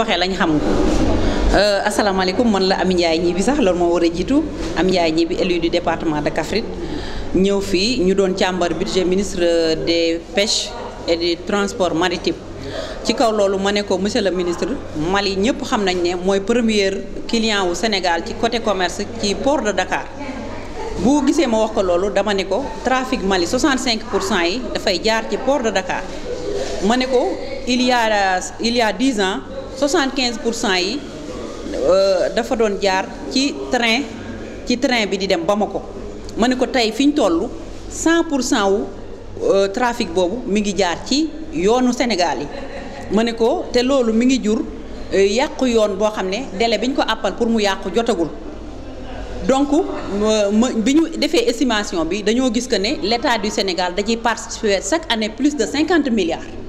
waxee lañ xam euh, asalaamaaleykum man la Amy Ndiaye ñi bi sax loolu moo war a jiitu Amy Ndiaye ñi bi élu du département de Kaffrine ñëw fii ñu doon càmbar budget ministre des pêches et du transport maritime ci kaw loolu ma ne ko monsieur le ministre Mali ñëpp xam nañ ne mooy première client wu Sénégal ci côté commerce ci port de Dakar boo gisee ma wax ko loolu dama ne ko trafic Mali 65 pour cent yi dafay jaar ci port de Dakar ma ne ko il y il y ans 75 pour cent yi euh, dafa doon jaar ci train ci train bi di dem Bamako ma ne ko tey fi ñu toll 100 pour cent wu euh, trafic boobu mi ngi jaar ci yoonu Sénégal yi ma ne ko te loolu mi ngi jur euh, yàq yoon boo xam ne dele bi ñu ko àppal pour mu yàqu jotagul donc bi ñu defee estimation bi dañoo gis que ne l'État du Sénégal da ciy participer chaque année plus de 50 milliards.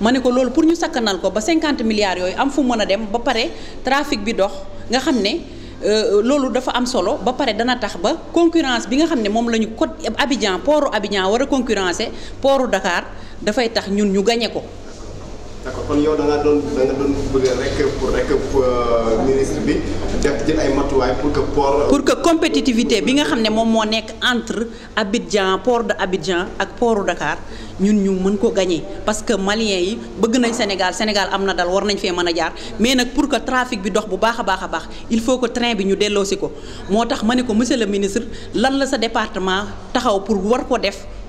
ma ne ko loolu pour ñu sakkanal ko ba 50 milliards yooyu am fu mën a dem ba pare trafic bi dox nga xam ne euh, loolu dafa am solo ba pare dana tax ba concurrence bi nga xam ne moom la ñu code Abidjan portu Abidjan war a concurrencer portu Dakar dafay tax ñun ñu gañe ko d'accord kon yow da doon da doon bëgg rek euh, ministre bi def jël ay matuwaay pour que port. Euh, compétitivité bi nga xam ne moom moo nekk entre Abidjan port de Abidjan ak pooru Dakar ñun ñu mën ko gagné parce que Maliens yi bëgg nañ Sénégal Sénégal am na dal war nañ fee mën a jaar mais nag pour que trafic bi dox bu baax a baax a baax il faut que train bi ñu delloosi ko moo tax ma ne ko monsieur le ministre lan la sa département taxaw pour war ko def.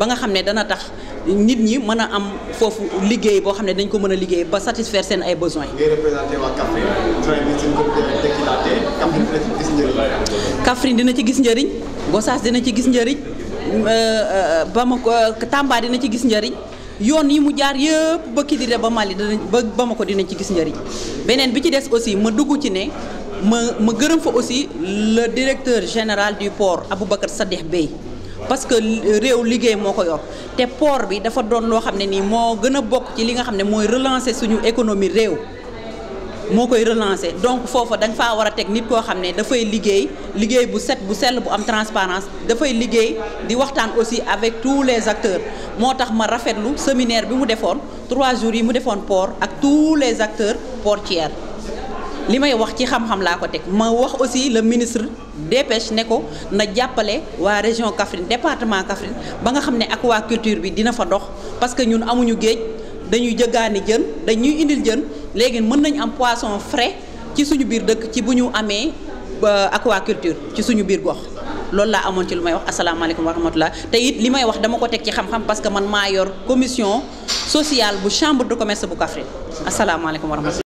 ba nga xamné dana tax nit ñi mëna am fofu liggéey bo xamné dañ ko mëna liggéey ba satisfaire seen ay besoins yi. Kaffrine dina ci gis njëriñ Gossas dina ci gis euh njëriñ ko euh, Tamba dina ci gis njëriñ yoon yi mu jaar yëpp ba Kidira ba Mali dina ba ko dina ci gis njëriñ benen bi ci dess aussi ma dugg ci né ma ma gërëm fa aussi le directeur général du port abou bakkar Sadikh Bèye parce que réew liguey moko ko yor te port bi dafa doon lo xamné ni mo gëna bok ci li nga xamné moy relancer suñu économie réew moo koy relancer donc fofu da fa wara war nit ko xamné da fay liguey liguey bu set bu sel bu am transparence da fay liguey di waxtan aussi avec tous les acteurs motax tax ma rafetlu séminaire bi mu defoon 3 jours yi mu defoon port ak tous les acteurs portiers li may wax ci xam-xam laa ko teg ma wax aussi le ministre des ne ko na jàppale waa région Kaffrine département Kaffrine ba nga xam ne aquaculture bi dina fa dox parce que ñun amuñu géej dañuy jëgaani jën dañuy indil jën léegi mën nañu am poisson frais ci suñu biir dëkk ci bu ñu amee euh, aquaculture ci suñu biir gox loolu laa amoon ci lu may wax asalaamaaleykum wa rahmatulah te li may wax dama ko teg ci xam-xam parce que man maa yor commission sociale bu chambre de commerce bu Kaffrine asalaamaaleykum wa